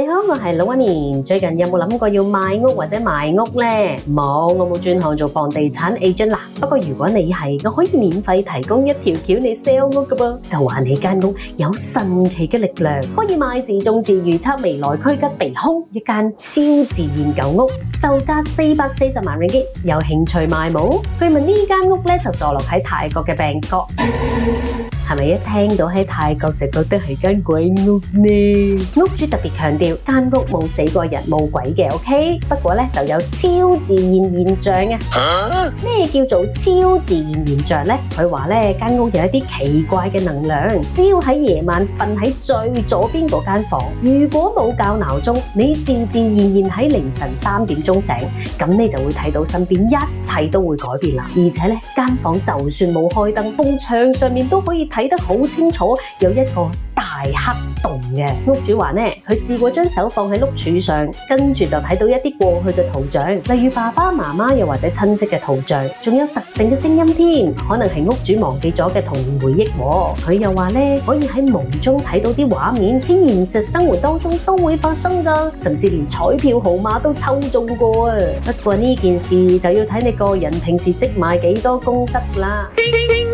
你好，我係老一年。最近有冇諗過要買屋或者賣屋咧？冇，我冇轉行做房地產 agent 啦。不過如果你係，我可以免費提供一條橋你 sell 屋㗎噃，就話你間屋有神奇嘅力量，可以賣自種自預測未來趨吉避凶一間超自然舊屋，售價四百四十萬 yen 有興趣買冇？據聞呢間屋呢就坐落喺泰國嘅病角。 係咪一聽到喺泰國就覺得係間鬼屋呢？屋主特別強調間屋冇死過人冇鬼嘅，OK。不過呢就有超自然現象，啊啊、咩叫做超自然現象呢？佢話呢間屋有一啲奇怪嘅能量，只要喺夜晚瞓喺最左邊嗰間房，如果冇教鬧鐘，你自自然然喺凌晨三點鐘醒，咁你就會睇到身邊一切都會改變啦。而且呢間房就算冇開燈，牆上面都可以睇。睇得好清楚，有一個大黑洞嘅。屋主話呢，佢試過將手放喺碌柱上，跟住就睇到一啲過去嘅圖像，例如爸爸媽媽又或者親戚嘅圖像，仲有特定嘅聲音添，可能係屋主忘記咗嘅童年回憶喎。佢又話呢，可以喺夢中睇到啲畫面，喺現實生活當中都會發生噶，甚至連彩票號碼都抽中過啊！不過呢件事就要睇你個人平時積埋幾多功德啦。叮叮叮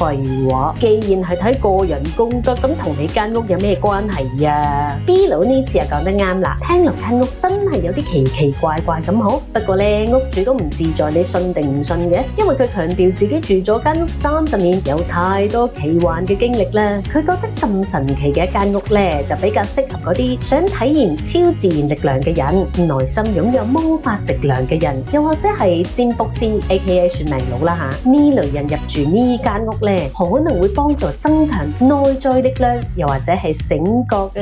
廢話，既然係睇個人功德，咁同你間屋有咩關係呀？B 佬呢次又講得啱啦，聽落間屋真係有啲奇奇怪怪咁好。不過咧，屋主都唔自在，你信定唔信嘅？因為佢強調自己住咗間屋三十年，有太多奇幻嘅經歷啦。佢覺得咁神奇嘅一間屋咧，就比較適合嗰啲想體驗超自然力量嘅人，內心擁有魔法力量嘅人，又或者係占卜師 A.K.A 算命佬啦嚇。呢類人入住呢間屋咧。可能會幫助增強內在力量，又或者係醒覺啊！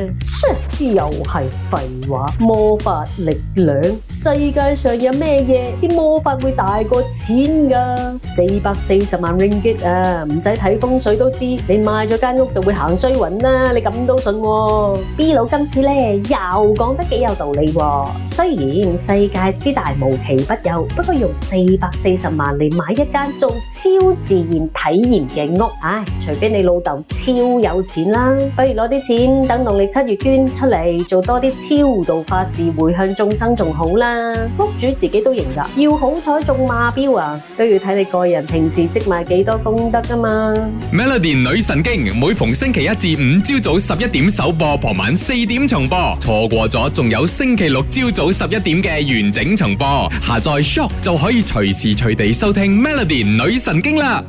又係廢話，魔法力量，世界上有咩嘢啲魔法會大過錢噶？四百四十萬 ringgit 啊，唔使睇風水都知道，你賣咗間屋就會行衰運啦！啊！你咁都信，啊？B 佬，今次呢又講得幾有道理喎，啊。雖然世界之大無奇不有，不過用四百四十萬嚟買一間做超自然體驗。屋，哎，唉，除非你老豆超有錢啦，不如攞啲錢等農曆七月捐出嚟，做多啲超度法事，回向眾生仲好啦。屋主自己都認噶，要好彩中馬標啊，都要睇你個人平時積埋幾多功德噶嘛。Melody 女神經每逢星期一至五朝早十一點首播，傍晚四點重播，錯過咗仲有星期六朝早十一點嘅完整重播，下載 Shock 就可以隨時隨地收聽 Melody 女神經啦。